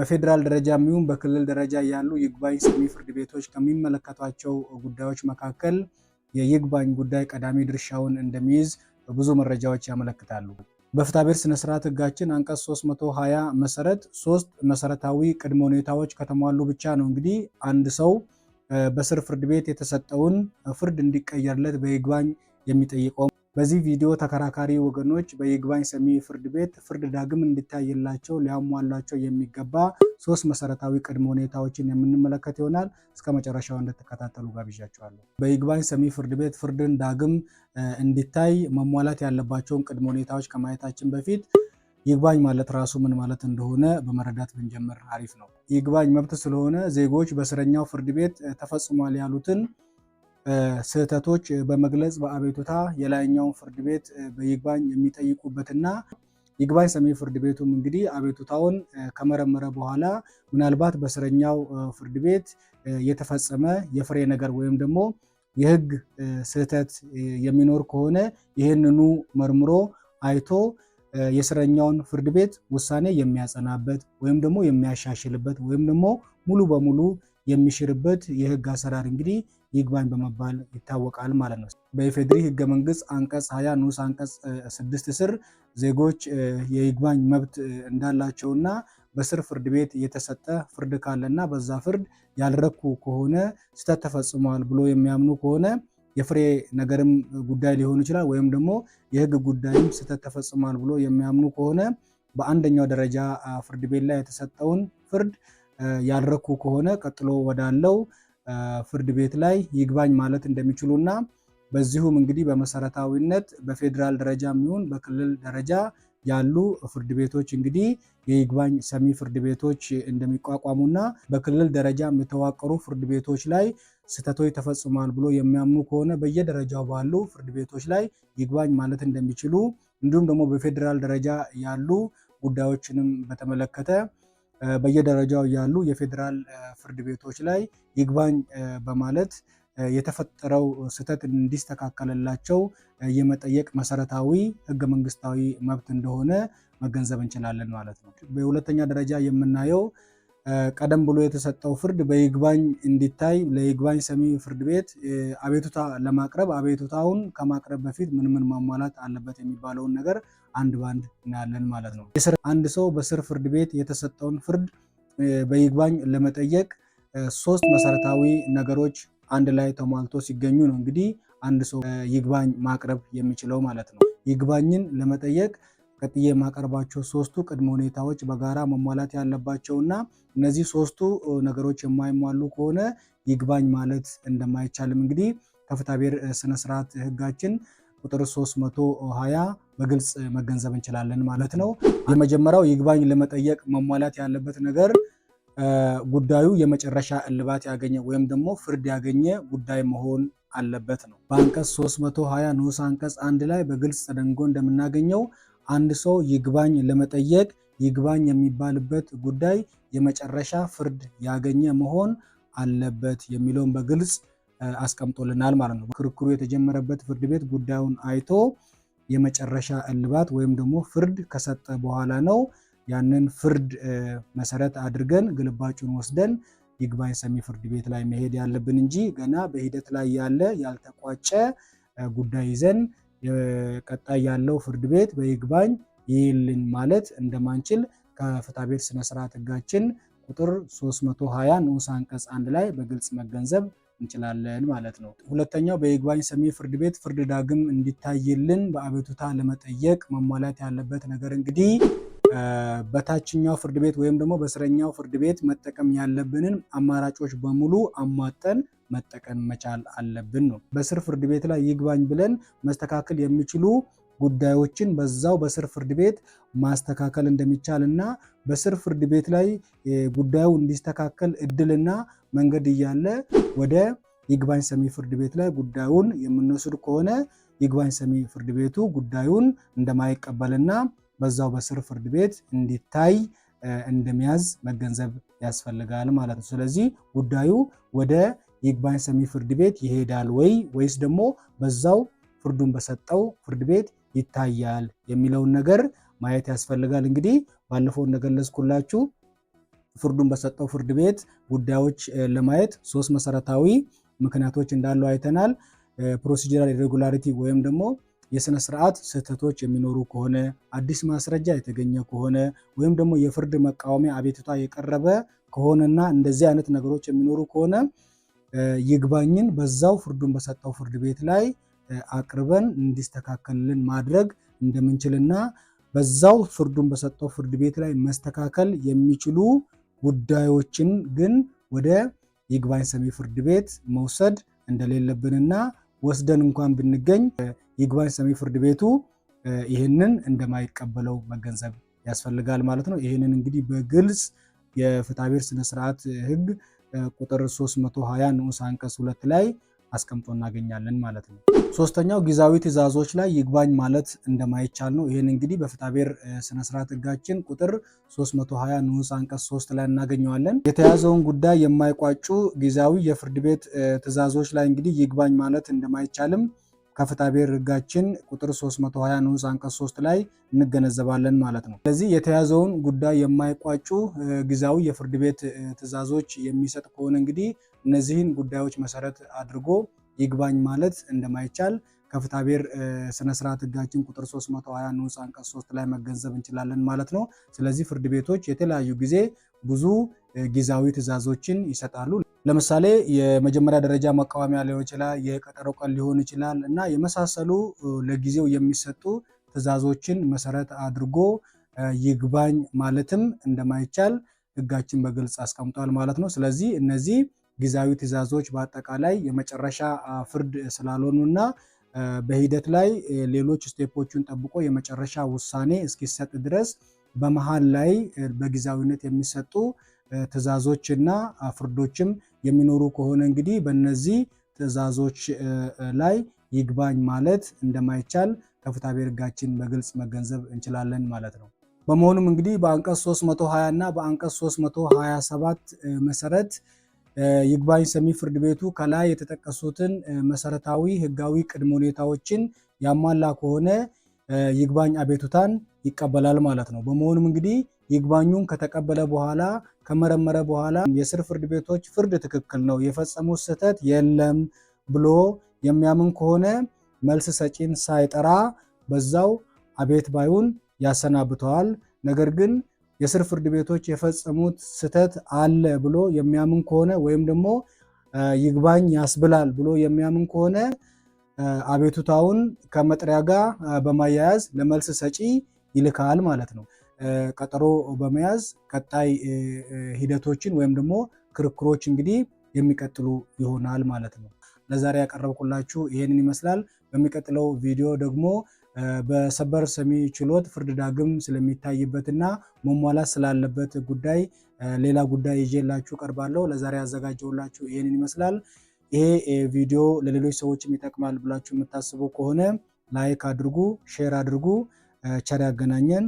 በፌዴራል ደረጃ የሚሁን በክልል ደረጃ ያሉ ይግባኝ ሰሚ ፍርድ ቤቶች ከሚመለከቷቸው ጉዳዮች መካከል የይግባኝ ጉዳይ ቀዳሚ ድርሻውን እንደሚይዝ ብዙ መረጃዎች ያመለክታሉ። በፍትሐብሔር ስነስርዓት ህጋችን አንቀጽ 320 መሰረት ሶስት መሰረታዊ ቅድመ ሁኔታዎች ከተሟሉ ብቻ ነው እንግዲህ አንድ ሰው በስር ፍርድ ቤት የተሰጠውን ፍርድ እንዲቀየርለት በይግባኝ የሚጠይቀው በዚህ ቪዲዮ ተከራካሪ ወገኖች በይግባኝ ሰሚ ፍርድ ቤት ፍርድ ዳግም እንዲታይላቸው ሊያሟላቸው የሚገባ ሶስት መሰረታዊ ቅድመ ሁኔታዎችን የምንመለከት ይሆናል። እስከ መጨረሻው እንድትከታተሉ ጋብዣቸዋለሁ። በይግባኝ ሰሚ ፍርድ ቤት ፍርድን ዳግም እንዲታይ መሟላት ያለባቸውን ቅድመ ሁኔታዎች ከማየታችን በፊት ይግባኝ ማለት ራሱ ምን ማለት እንደሆነ በመረዳት ብንጀምር አሪፍ ነው። ይግባኝ መብት ስለሆነ ዜጎች በእስረኛው ፍርድ ቤት ተፈጽሟል ያሉትን ስህተቶች በመግለጽ በአቤቱታ የላይኛውን ፍርድ ቤት በይግባኝ የሚጠይቁበትና ይግባኝ ሰሚ ፍርድ ቤቱም እንግዲህ አቤቱታውን ከመረመረ በኋላ ምናልባት በስረኛው ፍርድ ቤት የተፈጸመ የፍሬ ነገር ወይም ደግሞ የህግ ስህተት የሚኖር ከሆነ ይህንኑ መርምሮ አይቶ የስረኛውን ፍርድ ቤት ውሳኔ የሚያጸናበት ወይም ደግሞ የሚያሻሽልበት ወይም ደግሞ ሙሉ በሙሉ የሚሽርበት የህግ አሰራር እንግዲህ ይግባኝ በመባል ይታወቃል ማለት ነው። በኢፌድሪ ህገ መንግስት አንቀጽ 20 ንዑስ አንቀጽ ስድስት ስር ዜጎች የይግባኝ መብት እንዳላቸውና በስር ፍርድ ቤት የተሰጠ ፍርድ እና በዛ ፍርድ ያልረኩ ከሆነ ስህተት ተፈጽሟል ብሎ የሚያምኑ ከሆነ የፍሬ ነገርም ጉዳይ ሊሆን ይችላል ወይም ደግሞ የህግ ጉዳይም ስህተት ተፈጽሟል ብሎ የሚያምኑ ከሆነ በአንደኛው ደረጃ ፍርድ ቤት ላይ የተሰጠውን ፍርድ ያልረኩ ከሆነ ቀጥሎ ወዳለው ፍርድ ቤት ላይ ይግባኝ ማለት እንደሚችሉና በዚሁም እንግዲህ በመሰረታዊነት በፌዴራል ደረጃ የሚሆን በክልል ደረጃ ያሉ ፍርድ ቤቶች እንግዲህ የይግባኝ ሰሚ ፍርድ ቤቶች እንደሚቋቋሙና በክልል ደረጃ የተዋቀሩ ፍርድ ቤቶች ላይ ስህተቶች ተፈጽሟል ብሎ የሚያምኑ ከሆነ በየደረጃው ባሉ ፍርድ ቤቶች ላይ ይግባኝ ማለት እንደሚችሉ እንዲሁም ደግሞ በፌዴራል ደረጃ ያሉ ጉዳዮችንም በተመለከተ በየደረጃው ያሉ የፌዴራል ፍርድ ቤቶች ላይ ይግባኝ በማለት የተፈጠረው ስህተት እንዲስተካከልላቸው የመጠየቅ መሰረታዊ ህገ መንግስታዊ መብት እንደሆነ መገንዘብ እንችላለን ማለት ነው። በሁለተኛ ደረጃ የምናየው ቀደም ብሎ የተሰጠው ፍርድ በይግባኝ እንዲታይ ለይግባኝ ሰሚ ፍርድ ቤት አቤቱታ ለማቅረብ አቤቱታውን ከማቅረብ በፊት ምን ምን ማሟላት አለበት የሚባለውን ነገር አንድ በአንድ እናያለን ማለት ነው። አንድ ሰው በስር ፍርድ ቤት የተሰጠውን ፍርድ በይግባኝ ለመጠየቅ ሶስት መሰረታዊ ነገሮች አንድ ላይ ተሟልቶ ሲገኙ ነው እንግዲህ አንድ ሰው ይግባኝ ማቅረብ የሚችለው ማለት ነው። ይግባኝን ለመጠየቅ ቀጥዬ የማቀርባቸው ሶስቱ ቅድመ ሁኔታዎች በጋራ መሟላት ያለባቸው እና እነዚህ ሶስቱ ነገሮች የማይሟሉ ከሆነ ይግባኝ ማለት እንደማይቻልም እንግዲህ ከፍትሐ ስነስርዓት ህጋችን ቁጥር 320 በግልጽ መገንዘብ እንችላለን ማለት ነው። የመጀመሪያው ይግባኝ ለመጠየቅ መሟላት ያለበት ነገር ጉዳዩ የመጨረሻ እልባት ያገኘ ወይም ደግሞ ፍርድ ያገኘ ጉዳይ መሆን አለበት ነው። በአንቀጽ 320 ንዑስ አንቀጽ አንድ ላይ በግልጽ ተደንጎ እንደምናገኘው አንድ ሰው ይግባኝ ለመጠየቅ ይግባኝ የሚባልበት ጉዳይ የመጨረሻ ፍርድ ያገኘ መሆን አለበት የሚለውን በግልጽ አስቀምጦልናል ማለት ነው። ክርክሩ የተጀመረበት ፍርድ ቤት ጉዳዩን አይቶ የመጨረሻ እልባት ወይም ደግሞ ፍርድ ከሰጠ በኋላ ነው። ያንን ፍርድ መሰረት አድርገን ግልባጩን ወስደን ይግባኝ ሰሚ ፍርድ ቤት ላይ መሄድ ያለብን እንጂ ገና በሂደት ላይ ያለ ያልተቋጨ ጉዳይ ይዘን ቀጣይ ያለው ፍርድ ቤት በይግባኝ ይልን ማለት እንደማንችል ከፍታ ቤት ስነስርዓት ህጋችን ቁጥር 320 ንዑስ አንቀጽ አንድ ላይ በግልጽ መገንዘብ እንችላለን ማለት ነው። ሁለተኛው በይግባኝ ሰሚ ፍርድ ቤት ፍርድ ዳግም እንዲታይልን በአቤቱታ ለመጠየቅ መሟላት ያለበት ነገር እንግዲህ በታችኛው ፍርድ ቤት ወይም ደግሞ በስረኛው ፍርድ ቤት መጠቀም ያለብንን አማራጮች በሙሉ አሟጠን መጠቀም መቻል አለብን ነው። በስር ፍርድ ቤት ላይ ይግባኝ ብለን መስተካከል የሚችሉ ጉዳዮችን በዛው በስር ፍርድ ቤት ማስተካከል እንደሚቻል እና በስር ፍርድ ቤት ላይ ጉዳዩ እንዲስተካከል እድልና መንገድ እያለ ወደ ይግባኝ ሰሚ ፍርድ ቤት ላይ ጉዳዩን የምንወስድ ከሆነ ይግባኝ ሰሚ ፍርድ ቤቱ ጉዳዩን እንደማይቀበልና በዛው በስር ፍርድ ቤት እንዲታይ እንደሚያዝ መገንዘብ ያስፈልጋል ማለት ነው። ስለዚህ ጉዳዩ ወደ ይግባኝ ሰሚ ፍርድ ቤት ይሄዳል ወይ ወይስ ደግሞ በዛው ፍርዱን በሰጠው ፍርድ ቤት ይታያል የሚለውን ነገር ማየት ያስፈልጋል። እንግዲህ ባለፈው እንደገለጽኩላችሁ ፍርዱን በሰጠው ፍርድ ቤት ጉዳዮች ለማየት ሶስት መሰረታዊ ምክንያቶች እንዳሉ አይተናል። ፕሮሲጀራል ኢሬጉላሪቲ ወይም ደግሞ የስነ ስርዓት ስህተቶች የሚኖሩ ከሆነ፣ አዲስ ማስረጃ የተገኘ ከሆነ፣ ወይም ደግሞ የፍርድ መቃወሚያ አቤቱታ የቀረበ ከሆነና እንደዚህ አይነት ነገሮች የሚኖሩ ከሆነ ይግባኝን በዛው ፍርዱን በሰጠው ፍርድ ቤት ላይ አቅርበን እንዲስተካከልልን ማድረግ እንደምንችልና በዛው ፍርዱን በሰጠው ፍርድ ቤት ላይ መስተካከል የሚችሉ ጉዳዮችን ግን ወደ ይግባኝ ሰሚ ፍርድ ቤት መውሰድ እንደሌለብንና ወስደን እንኳን ብንገኝ ይግባኝ ሰሚ ፍርድ ቤቱ ይህንን እንደማይቀበለው መገንዘብ ያስፈልጋል ማለት ነው። ይህንን እንግዲህ በግልጽ የፍትሐብሔር ስነስርዓት ህግ ቁጥር 320 ንዑስ አንቀጽ ሁለት ላይ አስቀምጦ እናገኛለን ማለት ነው። ሶስተኛው ጊዜያዊ ትእዛዞች ላይ ይግባኝ ማለት እንደማይቻል ነው። ይህን እንግዲህ በፍትሐብሔር ስነስርዓት ህጋችን ቁጥር 320 ንዑስ አንቀጽ 3 ላይ እናገኘዋለን። የተያዘውን ጉዳይ የማይቋጩ ጊዜያዊ የፍርድ ቤት ትእዛዞች ላይ እንግዲህ ይግባኝ ማለት እንደማይቻልም ከፍትሐብሔር ህጋችን ቁጥር 320 ንዑስ አንቀጽ 3 ላይ እንገነዘባለን ማለት ነው። ስለዚህ የተያዘውን ጉዳይ የማይቋጩ ጊዜያዊ የፍርድ ቤት ትእዛዞች የሚሰጥ ከሆነ እንግዲህ እነዚህን ጉዳዮች መሰረት አድርጎ ይግባኝ ማለት እንደማይቻል ከፍትሐ ብሔር ስነስርዓት ህጋችን ቁጥር 320 ንዑስ አንቀጽ 3 ላይ መገንዘብ እንችላለን ማለት ነው። ስለዚህ ፍርድ ቤቶች የተለያዩ ጊዜ ብዙ ጊዜያዊ ትእዛዞችን ይሰጣሉ። ለምሳሌ የመጀመሪያ ደረጃ መቃወሚያ ሊሆን ይችላል፣ የቀጠሮ ቀን ሊሆን ይችላል እና የመሳሰሉ ለጊዜው የሚሰጡ ትእዛዞችን መሰረት አድርጎ ይግባኝ ማለትም እንደማይቻል ህጋችን በግልጽ አስቀምጧል ማለት ነው። ስለዚህ እነዚህ ጊዜያዊ ትእዛዞች በአጠቃላይ የመጨረሻ ፍርድ እና በሂደት ላይ ሌሎች ስቴፖችን ጠብቆ የመጨረሻ ውሳኔ እስኪሰጥ ድረስ በመሀል ላይ በጊዜያዊነት የሚሰጡ ትዕዛዞችና ፍርዶችም የሚኖሩ ከሆነ እንግዲህ በነዚህ ትዕዛዞች ላይ ይግባኝ ማለት እንደማይቻል ከፍትሐብሔር ሕጋችን በግልጽ መገንዘብ እንችላለን ማለት ነው። በመሆኑም እንግዲህ በአንቀጽ 320 እና በአንቀጽ 327 መሰረት ይግባኝ ሰሚ ፍርድ ቤቱ ከላይ የተጠቀሱትን መሰረታዊ ህጋዊ ቅድመ ሁኔታዎችን ያሟላ ከሆነ ይግባኝ አቤቱታን ይቀበላል ማለት ነው። በመሆኑም እንግዲህ ይግባኙን ከተቀበለ በኋላ ከመረመረ በኋላ የስር ፍርድ ቤቶች ፍርድ ትክክል ነው፣ የፈጸሙት ስህተት የለም ብሎ የሚያምን ከሆነ መልስ ሰጪን ሳይጠራ በዛው አቤት ባዩን ያሰናብተዋል። ነገር ግን የስር ፍርድ ቤቶች የፈጸሙት ስህተት አለ ብሎ የሚያምን ከሆነ ወይም ደግሞ ይግባኝ ያስብላል ብሎ የሚያምን ከሆነ አቤቱታውን ከመጥሪያ ጋር በማያያዝ ለመልስ ሰጪ ይልካል ማለት ነው። ቀጠሮ በመያዝ ቀጣይ ሂደቶችን ወይም ደግሞ ክርክሮች እንግዲህ የሚቀጥሉ ይሆናል ማለት ነው። ለዛሬ ያቀረብኩላችሁ ይሄንን ይመስላል። በሚቀጥለው ቪዲዮ ደግሞ በሰበር ሰሚ ችሎት ፍርድ ዳግም ስለሚታይበትና መሟላት ስላለበት ጉዳይ ሌላ ጉዳይ ይዤላችሁ ቀርባለሁ። ለዛሬ ያዘጋጀውላችሁ ይህንን ይመስላል። ይሄ ቪዲዮ ለሌሎች ሰዎችም ይጠቅማል ብላችሁ የምታስቡ ከሆነ ላይክ አድርጉ፣ ሼር አድርጉ። ቸር ያገናኘን።